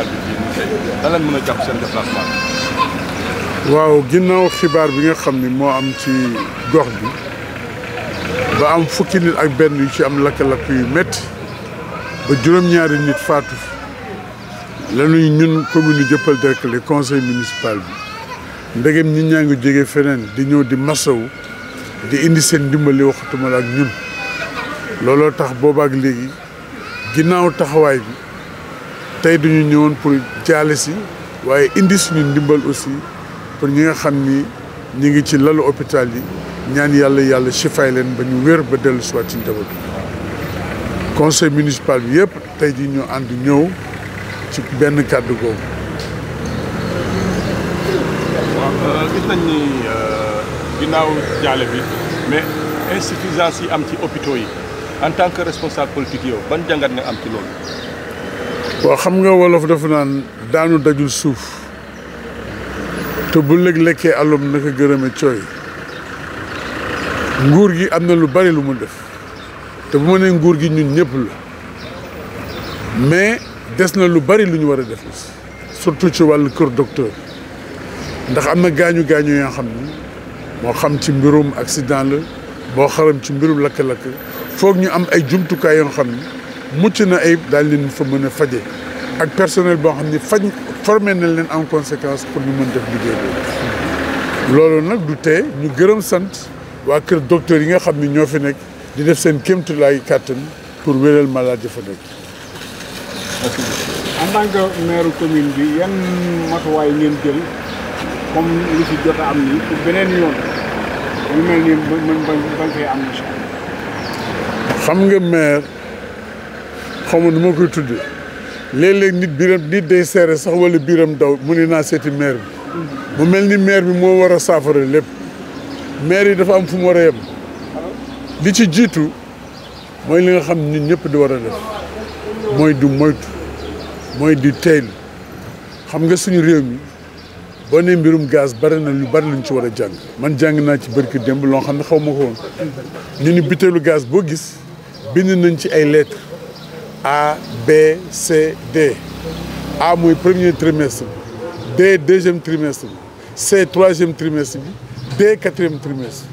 municipal seen déplacement bi. waaw ginnaaw xibaar bi nga xam ni moo am ci gox bi ba am fukki nit ak benn yu ci am lakk-lakk yu métti ba juróom-ñaari nit faatu lanuy ñun commune Dieuppeul Derklé conseil municipal bi ndegem ñi ñaa ngi jóge feneen di ñëw di masawu di indi seen ndimbali waxatuma la ak ñun looloo tax boobaak léegi ginnaaw taxawaay bi. tey duñu ñëwoon pour jaale si waaye indi suñu ndimbal aussi pour ñi nga xam ni ñi ngi ci lalu hôpital yi ñaan yàlla yàlla sifaay leen ba ñu wér ba dellu si ci ci njaboot conseil municipal bi yëpp tey ji ñu ànd ñëw ci benn kàddu googu. waaw euh, gis euh, ginnaaw jaale bi mais insuffisance yi am ci hôpitaux yi en tant que responsable politique yow ban jàngat nga am ci loolu. waaw xam nga wolof dafa naan daanu dajul suuf te bu lëg lekkee alum naka gërëme cooy nguur gi am na lu bari lu mu def te bu ma nee nguur gi ñun ñëpp la mais des na lu bari lu ñu war a def surtout ci wàll kër docteur ndax am na gaañu gaañu yoo xam ne moo xam ci mbirum accident la boo xaram ci mbirum lakk-lakk foog ñu am ay jumtukaay yoo xam ne mucc na ay dal leen fa mën a faje ak personnel boo xam ne faj forme nañ leen en conséquence pour ñu mën def liggéey loolu nag du tee ñu gërëm sant waa kër docteur yi nga xam ni ñoo fi nekk di def seen kéemtulaay kàttan pour wéral malade ya fa nekk en tant commune bi yan matuwaay ngeen jël comme lu ci jot am nii pour beneen yoon lu mel ni mën bañ fee am xam nga maire xawma nu ma koy léeg nit biram nit day seere sax wala biram daw mu naa seeti maire bi mel ni maire bi moo war a saafara lépp maire yi dafa am fu mu war a yem li ci jiitu mooy li nga xam ñun ñëpp di war a def mooy du mooy di teylu xam nga suñu réew mi boo mbirum gaz bari na lu bari luñ ci war a jàng man jàng naa ci barki démb loo xam ne xaw ma ko woon ñu ni boo gis bind nañ ci ay lettres A B C D A mooy premier trimestre bi D deuxième trimestre bi C troisième trimestre bi D quatrième trimestre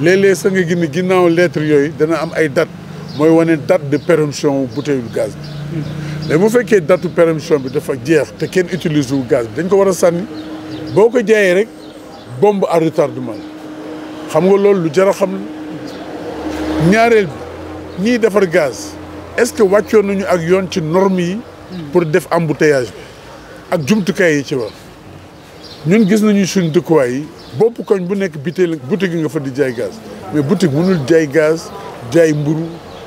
léeg-léeg sa nga gis ginnaaw lettre yooyu dana am ay date mooy wane date de péremption wu bouteille gaz bi mais bu fekkee date péremption bi dafa jeex te kenn utilise wu gaz bi dañ ko war a sànni boo ko jaayee rek bombe à retardement xam nga loolu lu jar a xam ñaareel bi ñiy defar gaz. est-ce que wàccoon nañu ak yoon ci normes yi. pour def embouteillage bi. ak jumtukaay yi ci war ñun gis nañu suñ dëkkuwaay yi bopp koñ bu nekk biteel boutique nga fa di jaay gaz mais boutique mënul jaay gaz jaay mburu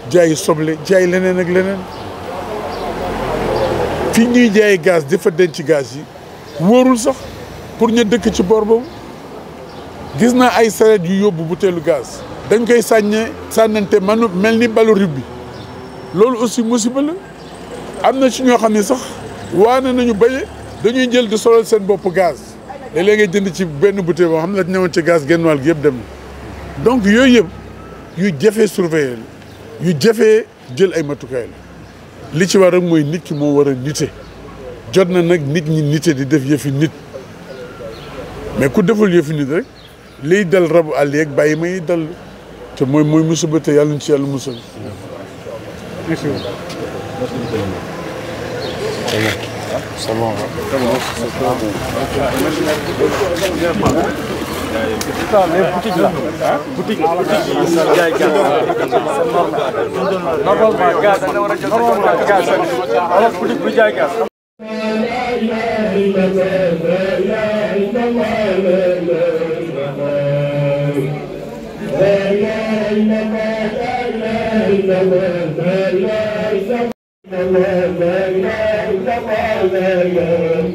jaay soble jaay leneen ak leneen fii ñuy jaay gaz di fa denc gaz yi wóorul sax pour ñu dëkk ci boor boobu gis naa ay sareet yu yóbbu buteelu gaz dañ koy sàññee sànnante manu mel ni balu rugby bi loolu aussi musiba la am na si ñoo xam ne sax waane nañu baye dañuy jël di solal seen bopp gaz léeg-léeg ngay jënd ci benn bouteille boo xam ne ñëwoon ci gaz genn wàll gi yëpp dem na donc yooyu yëpp yu jafee surveiller yu jafee jël ay matukaay la li ci war rek mooy nit ki moo war a nite jot na nag nit ñi nite di def yëfi nit mais ku deful yëfi nit rek liy dal rabu àll yeeg bàyyi may dal te mooy mooy musiba te yàlla ñu ci yàlla musal Merci beaucoup. C'est bon. C'est bon. C'est bon. C'est bon. boutique la boutique jaay gaas